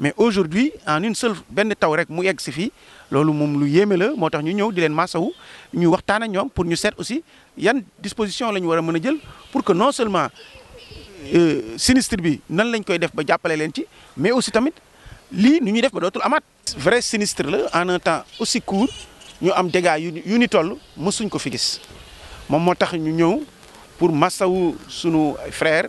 mais aujourd'hui en une seule ben taw rek mu yegg si fii loolu moom lu yéme la motax ñu ñëw di len massaw ñu waxtaan ak pour ñu seet aussi yan disposition la wara mëna jël pour que non seulement euh, sinistre bi nan lañ koy def ba jappalé len ci mais aussi tamit li ñu ñu def ba dootul amaat. vrai sinistre la en un temps aussi court ñu am dégâts yu yu ni toll mësuñ ko fi gis mom motax ñu ñëw pour massaw suñu frère.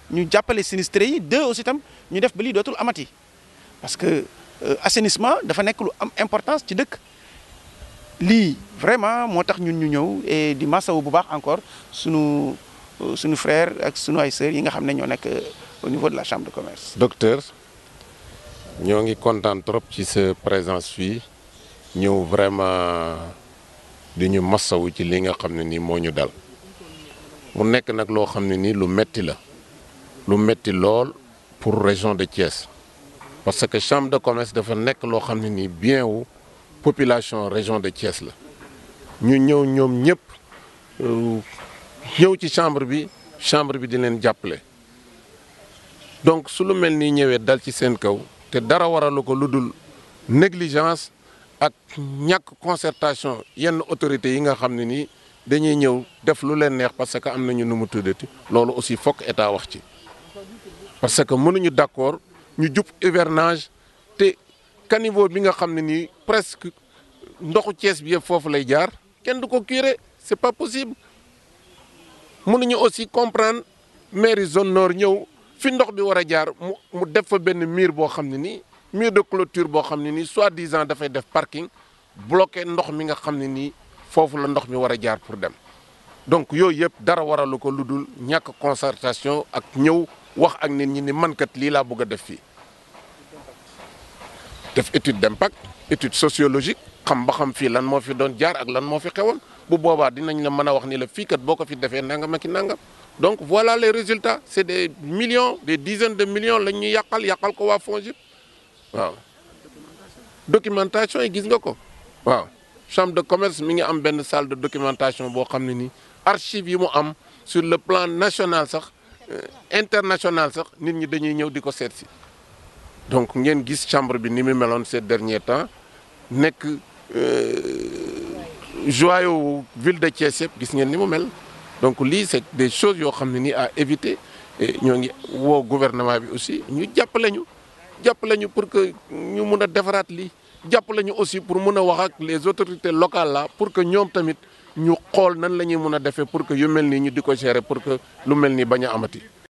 ñu jàppale sinistre, yi deux aussi tam ñu def ba lii dootul amati parce que euh, assainissement dafa nekk lu am importance ci dëkk lii vraiment moo tax ñun ñu ñëw et di masawu bu baax encore sunu euh, suñu frère ak sunu ay sœurs yi nga xam ne ñoo nekk euh, au niveau de la chambre de commerce. docteur ñoo ngi content trop ci sa présence fii ñëw vraiment di ñu masawu ci li nga xam ne nii moo ñu dal mu nekk nag loo xam ne lu metti la lu metti lool pour région de Thiès parce que chambre de commerce dafa nekk loo xam ne nii bien wu population région de Thiès la ñu ñëw ñoom ñëpp euh, ñëw ci chambre bi chambre bi di leen jàppale donc su lu mel nii ñëwee dal ci seen kaw te dara waralu ko lu dul négligence ak ñàkk concertation yenn autorité yi nga xam ne nii dañuy ñëw def lu leen neex parce que am nañu nu mu tuddati loolu aussi fokk état wax ci parce que mënuñu d'accord ñu jub hivernage te caniveau bi nga xam ne presque ndoxu Thiès bi yëpp foofu lay jaar kenn du ko c'est pas possible mënuñu aussi comprendre mairie zone nord ñëw fi ndox bi war a jaar mu mu def fa benn mur boo xam ne mur de clôture boo xam ne nii soi-disant dafay def parking bloqué ndox mi nga xam ne nii foofu la ndox mi war jaar pour dem donc yooyu yëpp dara waralu ko lu dul concertation ak ñëw wax ak nit ñi ni kat li la bëgg def fi def étude d'impact étude sociologique xam ba xam fi lan mo fi doon jaar ak lan mo fi xewon bu boobaa dinañ la mëna wax ni la fi kat boko fi défé nangam ak nangam donc voilà les résultats c'est des millions des dizaines de millions lañ ñu yakal yàqal ko wa FONGIP waaw documentation yi gis nga ko waaw chambre de commerce mi ngi am ben salle de documentation bo xamni ni archive yi mu am sur le plan national sax euh, international sax nit ñi dañuy ñëw diko ko donc ngeen gis chambre bi ni mu melone ces derniers temps nekk euh, joyeux ville de Thiès gis ngeen ni mu mel donc li c'est des choses yo xamni ni à éviter et ñoo ngi wo gouvernement bi aussi ñu jàppale ñu jàppale ñu pour que ñu mëna a li jàppale ñu aussi pour mun a wax ak les autorités locales la pour que ñoom tamit ñu xool nan la ñuy mun a defee pour que yu mel ni ñu di ko gérer pour que lu mel nii bañ a amati.